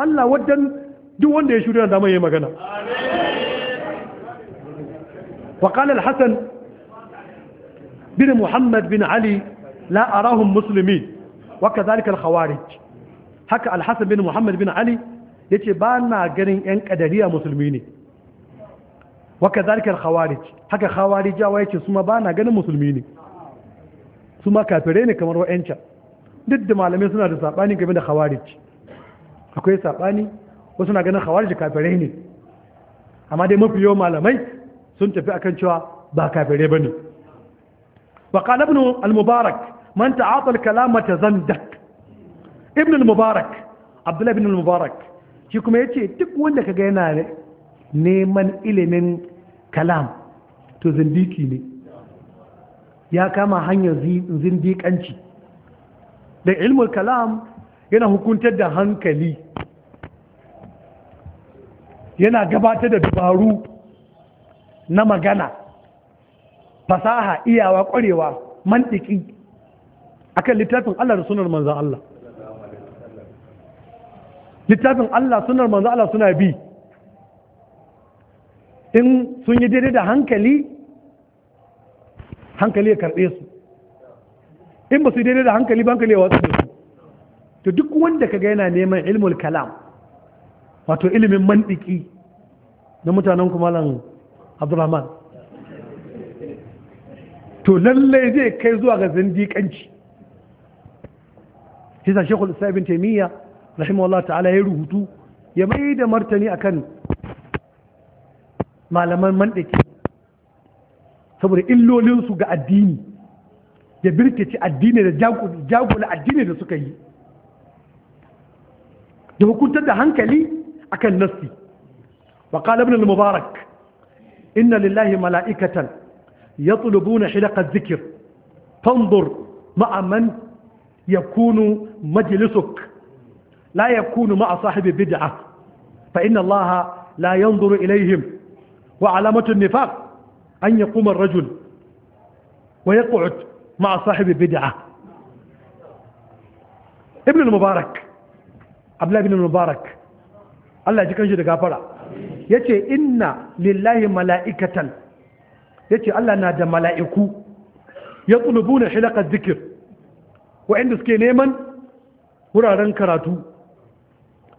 [SPEAKER 1] allah wadan duk wanda ya shirya da yi magana وقال الحسن بن محمد بن علي لا أراهم مسلمين wa kazalika al haka al bin muhammad bin ali yace ba na ganin yan kadariya musulmi ne wa kazalika al-khawarij haka khawarijawa yace su ma ba na ganin musulmi ne su ma kafirai ne kamar wa'ancan duk da malamai suna da saɓani game da khawarij akwai saɓani wasu na ganin khawarij kafirai ne amma dai mafi yawan malamai sun tafi akan cewa ba kafire ba ne wa ibn al-mubarak man ta'ata al-kalama tazandak ibn mubarak abdullah ibn mubarak shi kuma yace duk wanda kaga yana neman ilimin kalam to zindiki ne ya kama hanyar zindikanci da ilmul kalam yana hukuntar da hankali yana gabatar da dubaru na magana fasaha iyawa kwarewa mantiki akan littafin Allah da sunar manzan Allah littafin Allah sunar manzan Allah suna bi in sun yi daidai da hankali hankali ya karɓe su in ba su yi daidai da hankali ba hankali ya watsa da su to duk wanda ka yana neman ilmul kalam wato ilimin mantiki na mutanen kumalan abdulrahman to lallai zai kai zuwa ga zindiƙanci shi sa shekul islam ibn taimiyya rahimahullah ta'ala ya rubutu ya mai da martani akan malaman mandaki saboda illolinsu ga addini ya birkici addini da jagula addini da suka yi da hukuntar da hankali akan nassi wa qala al-mubarak inna lillahi mala'ikatan yatlubuna hilaqa adh zikir, fanzur ma'a يكون مجلسك لا يكون مع صاحب بدعة فإن الله لا ينظر إليهم وعلامة النفاق أن يقوم الرجل ويقعد مع صاحب بدعة ابن المبارك عبد الله بن المبارك الله ji kanshi da gafara إن لله ملائكة lillahi الله نادى ملائكو يطلبون na da waɗanda suke neman wuraren karatu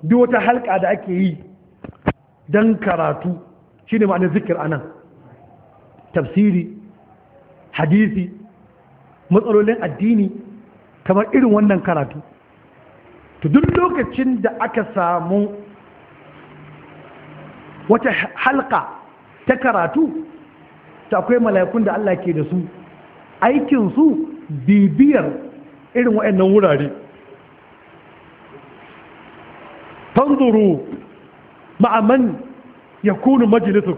[SPEAKER 1] duk wata halka da ake yi don karatu shine ma'anin zikir anan tafsiri hadisi matsalolin addini kamar irin wannan karatu to duk lokacin da aka samu wata halka ta karatu ta akwai mala'ikun da Allah ke da su aikinsu bibiyar irin wa'annan wurare tanzuru ma'aman ya kunu majalisun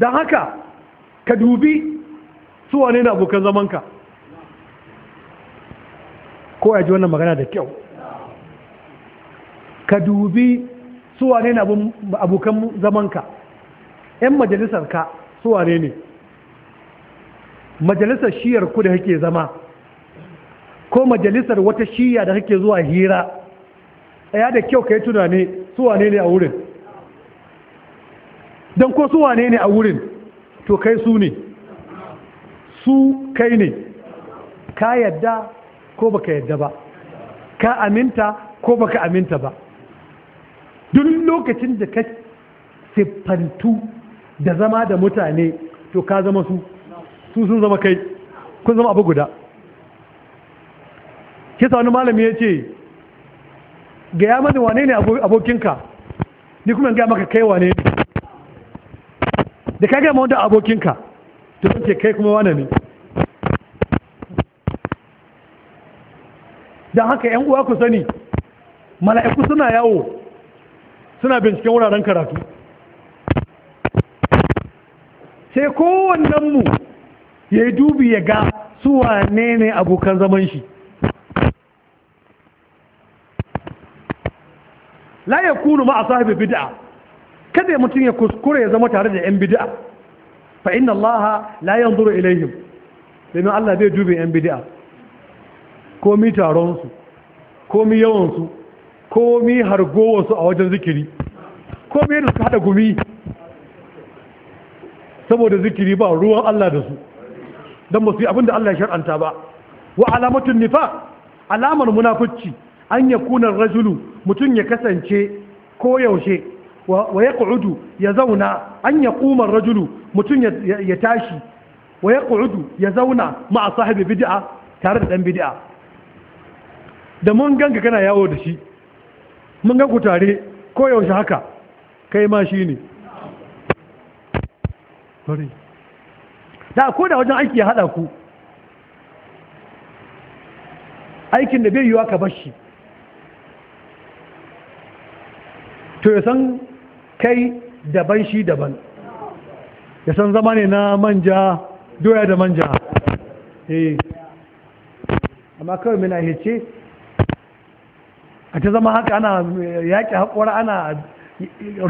[SPEAKER 1] don haka ka dubi su wane na abokan zamanka ko ya ji wannan magana da kyau ka dubi su wane na abokan zamanka 'yan majalisarka su wane ne majalisar shiyar ku da hake zama ko majalisar wata shiya da kake zuwa hira ya da kyau ka yi tunani wane ne a wurin don ko su wane ne a wurin to kai su ne su kai ne ka yadda ko baka yadda ba ka aminta ko baka aminta ba duk lokacin da ka siffantu da zama da mutane to ka zama su su sun zama kai kun zama abu guda kisa wani malami ya ce ga ya mani wane ne abokinka ni kuma ga maka kai wane ne da ka gama wanda abokinka to ce kai kuma wane ne don haka yan uwa ku sani mala'iku suna yawo suna binciken wuraren karatu sai kowannenmu ya yi dubi ya ga su wane ne abokan zaman shi la ya kunu ma a sahibi bid'a kada mutum ya kuskure ya zama tare da yan bid'a fa inna Allah la yanzuru ilaihim domin Allah bai dube yan bid'a komi taron su komi yawan su komi hargowar su a wajen zikiri komi yadda suka hada gumi saboda zikiri ba ruwan Allah da su dan ba su yi abinda Allah ya shar'anta ba wa alamatun nifaq alamar munafici an ya kunan rajulu mutum ya kasance koyaushe wa ya ƙudu ya zauna an ya kuman rajulu mutum ya tashi wa ya ƙudu ya zauna ma'a sahibi bid'a tare da ɗan bid'a da mun ganka kana yawo da shi mun ganku tare koyaushe haka kai ma shi ne da ko da wajen aiki ya haɗa ku aikin da bai yiwa ka bashi shi to ya san kai daban shi daban ya san zama ne na manja doya da manja e, amma kawai mina hece a ta zama haka ana yaƙi haƙura ana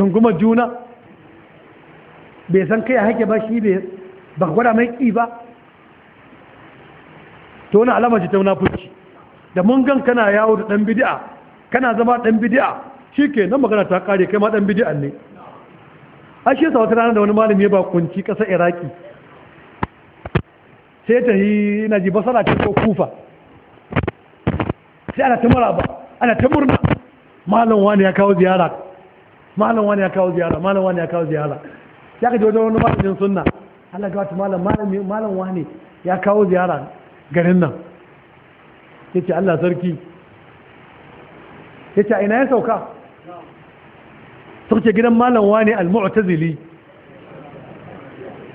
[SPEAKER 1] rungumar juna bai san kai haƙe ba shi bai ba gwada mai ƙi ba to wani alamar ce ta wuna fuci da mun gan kana yawo da ɗan bidi'a kana zama ɗan bidi'a shi ke nan magana ta kare kai ma ɗan bidi'an ne a shi sa wata rana da wani malami ya bakunci ƙasa iraki sai ta yi na ji basara ce ko kufa sai ana ta maraba ana ta murna malam wani ya kawo ziyara malam wani ya kawo ziyara malam wani ya kawo ziyara ya ka ji wajen wani malamin sunna Allah ga wata malam malam wani ya kawo ziyara garin nan ya ce Allah sarki ya ce a ina ya sauka suke gidan malam wane al-mu'tazili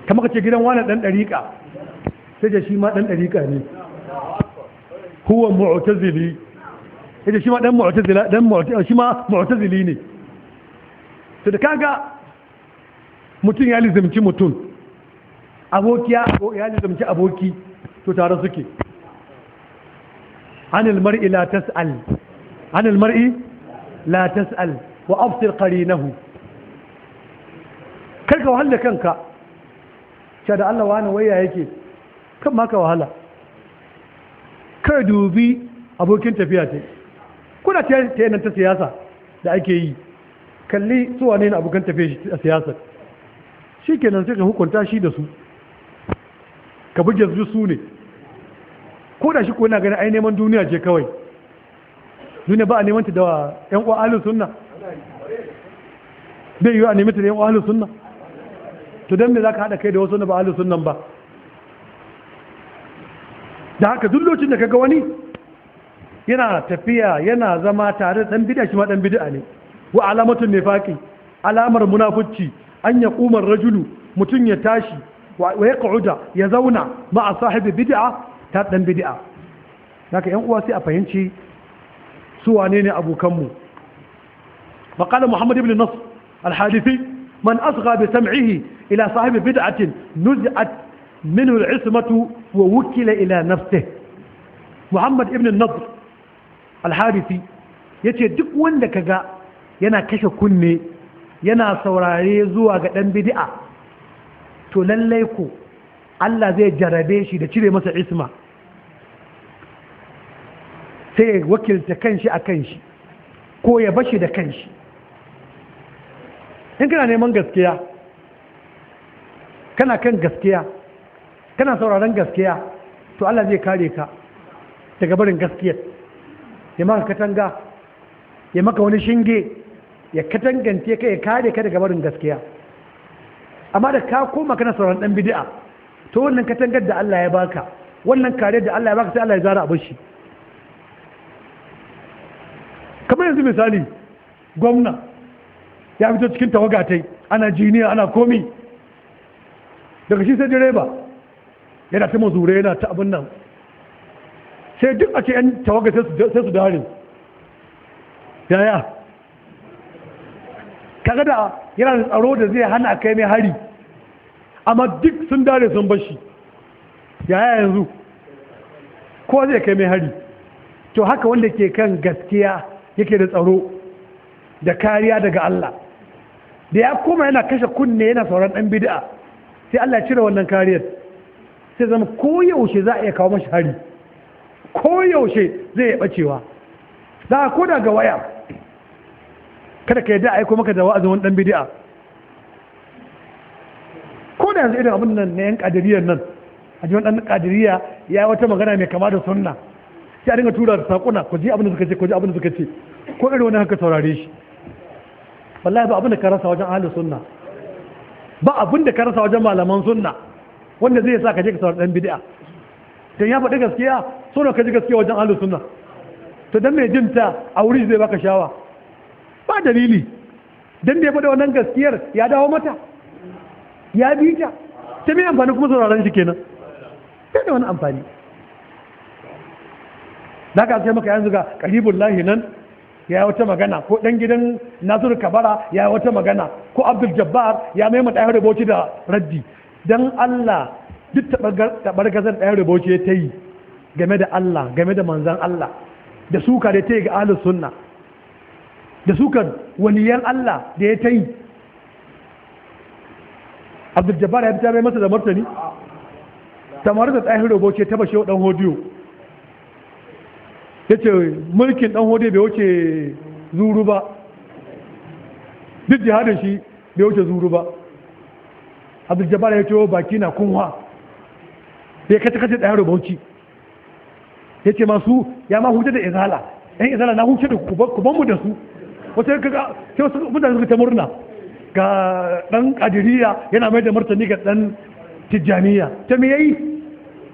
[SPEAKER 1] kamar kace gidan wane dan dariƙa sai da shi ma dan dariƙa ne huwa mu'tazili ita shi ma dan mu'tazila dan mu'tazili shi ma mu'tazili ne to da kaga mutum ya lizimci mutum abokiya ya lizimci aboki to tare suke anil mar'i la tas'al anil mar'i la tas'al wa Afsir qarinahu kar ka wahala kanka cewa da Allah wani waya yake kan ma ka wahala kar dubi abokin tafiya ce kuna ta yanar ta siyasa da ake yi kalli su wane ne abokan tafiya a siyasar shi kenan sai ka hukunta shi da su ka buge su su ne ko da shi ko yana ganin ai neman duniya ce kawai duniya ba a neman ta da yan uwa suna. bai yi a nemi ta nemo ahalus sunna to don me za ka haɗa kai da wasu na ba ahalus sunnan ba da haka duk lokacin da kaga wani yana tafiya yana zama tare da ɗan bid'a shi ma ɗan bid'a ne wa alamatun nifaqi alamar munafici an ya kumar rajulu mutum ya tashi wa ya ya zauna a sahibi bid'a ta dan bid'a haka yan uwa sai a fahimci su wane ne abokanmu فقال محمد بن نصر الحادثي من أصغى بسمعه إلى صاحب بدعة نزعت منه العصمة ووكل Muhammad نفسه محمد بن النصر الحادثي yace duk wanda ga yana kashe kunne yana saurare zuwa ga ɗan bid'a to lallai ko Allah zai jarabe shi da cire masa isma sai ya wakilta kanshi a kanshi ko ya bashi da kanshi in kana neman gaskiya kana kan gaskiya kana sauraron gaskiya to Allah zai kare ka daga barin gaskiyar ya maka katanga ya maka wani shinge ya katangance ka ya kare ka daga barin gaskiya amma da ka koma kana sauraron dan bid'a to wannan katangar da Allah ya baka wannan kare da Allah ya baka sai Allah ya zara abin shi kamar yanzu misali gwamna ya fito cikin tawagatai ana jiniya ana komi daga shi sai direba yana ta mazure yana ta abin nan sai duk a ce 'yan tawaga sai su dare yaya kaga da yana da tsaro da zai hana kai mai hari amma duk sun dare sun bashi yaya yanzu ko zai kai mai hari to haka wanda ke kan gaskiya yake da tsaro da kariya daga Allah da ya koma yana kashe kunne yana sauran ɗan bid'a sai Allah ya cire wannan kariyar sai zama koyaushe za a iya kawo mashi hari koyaushe zai yi bacewa za a koda ga waya kada ka yi da aiko maka da wa'azin wani ɗan bid'a ko da yanzu irin abin nan na yan ƙadiriyar nan a ji ɗan kadiriya ya yi wata magana mai kama da sunna sai a dinga tura da saƙuna ko ji abin da suka ce ku ji abin da suka ce ko irin wani haka saurare shi wallahi ba abinda da ka rasa wajen ahli sunna ba abinda da ka rasa wajen malaman sunna wanda zai sa ka je ka saurari dan bid'a dan ya faɗi gaskiya so ka ji gaskiya wajen ahli sunna to dan mai jin ta a wuri zai baka shawa ba dalili dan da ya faɗi wannan gaskiyar ya dawo mata ya bi ta ta mai amfani kuma sauraron shi kenan sai da wani amfani da ka sai maka yanzu ga kalibullahi nan ya wata magana ko ɗan gidan nasiru kabara ya wata magana ko abdul jabbar ya mai mata ɗaya rubuci da raddi don allah duk taɓar gazar ɗaya rubuci ya ta yi game da allah game da manzan allah da suka da ta yi ga ahlus sunna da suka waliyan allah da ya ta yi abdul jabbar ya mai masa da martani tamar da ɗaya rubuci ta bashe ɗan hodiyo ya ce mulkin ɗan hode bai wuce zuru ba duk jihadin shi bai wuce zuru ba abu jabbar ya ce oh, baki na kunwa ya kace kace da yaro bauchi ya ce masu ya ma huce da izala yan izala na huce da kuban mu da su wata yanka sai wasu mutane suka ta murna ga dan kadiriya yana mai da martani ga dan tijjaniya ta me yayi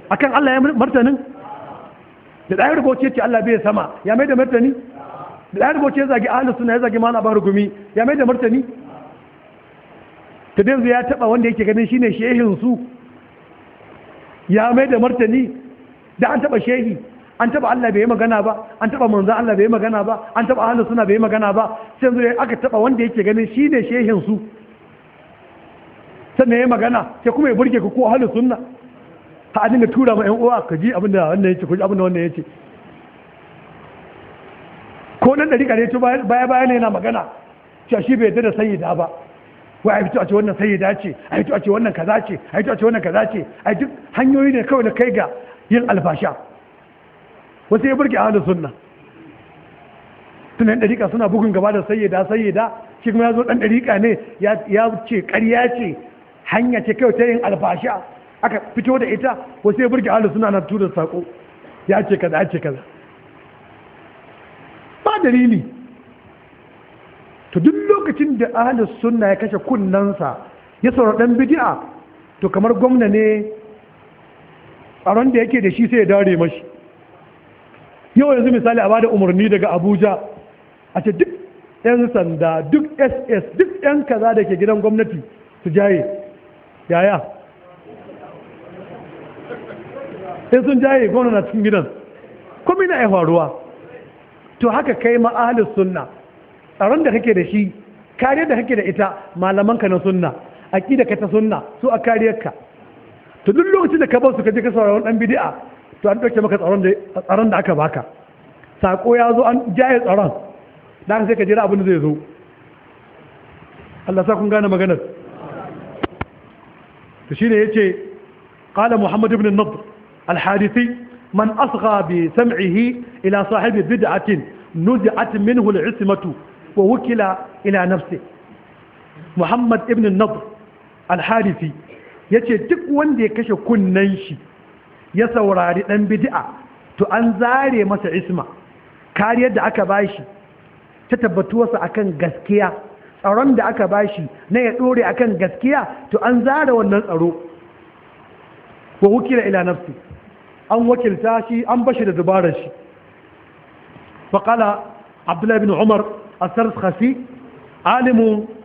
[SPEAKER 1] akan Allah ya martanin da ɗaya rubuce ce Allah bai sama ya mai da martani da ɗaya rubuce ya zagi ahalus suna ya zagi mana ba gumi ya mai da martani ta yanzu ya taɓa wanda yake ganin shine shehin su ya mai da martani da an taɓa shehi an taba Allah bai yi magana ba an taba manzan Allah bai yi magana ba an taba ahlus sunna bai yi magana ba sai zai aka taba wanda yake ganin shine shehin su sannan yayi magana sai kuma ya burge ku ko ahlus sunna a dinga tura ma 'yan uwa ka ji abin da wannan yace ko ji abin da wannan yace ko nan dari ne to baya baya ne yana magana cewa shi bai da sayyida ba wai a fito a ce wannan sayyida ce a fito a ce wannan kaza ce a fito a ce wannan kaza ce a duk hanyoyi ne kawai na kai ga yin albasha wasu ya burge ahlus sunna tunan dariƙa suna bugun gaba da sayyida sayyida shi kuma ya zo ɗan dariƙa ne ya ce ƙarya ce hanya ce kawai ta yin albasha aka fito da ita ko sai burge ahlus sunna na tura sako ya ce kaza ya ce kaza ba dalili to duk lokacin da ahlus sunna ya kashe sa ya saurari dan bid'a to kamar gwamna ne tsaron da yake da shi sai ya dare mashi yau yanzu misali a bada umarni daga abuja a ce duk 'yan sanda duk ss duk 'yan kaza da ke gidan gwamnati su jaye yaya sai sun jaye gwamna na cikin gidan kuma ina ya faruwa to haka kai ma ahlus sunna tsaron da kake da shi kariyar da kake da ita malaman ka na sunna aqida ka ta sunna su a kariyarka to duk lokacin da ka ba su ka je ka sauraron dan bid'a to an dauke maka tsaron da tsaron da aka baka sako ya zo an jaye tsaron dan sai ka jira abin da zai zo Allah sa kun gane maganar to shine yace qala muhammad ibn nadr الحادثي من أصغى بسمعه إلى صاحب بدعة نزعت منه العصمة ووكل إلى نفسه محمد ابن النضر الحارثي yace duk wanda ya kashe kunnen shi ya saurari dan bid'a to an zare masa isma kariyar da aka bashi ta tabbatuwarsa akan gaskiya tsaron da aka bashi na ya dore akan gaskiya to an zare wannan tsaro wa wukila ila nafsi an wakilta shi an bashi da dubarar shi faƙala abdullahi bin umar a sarskasi alimu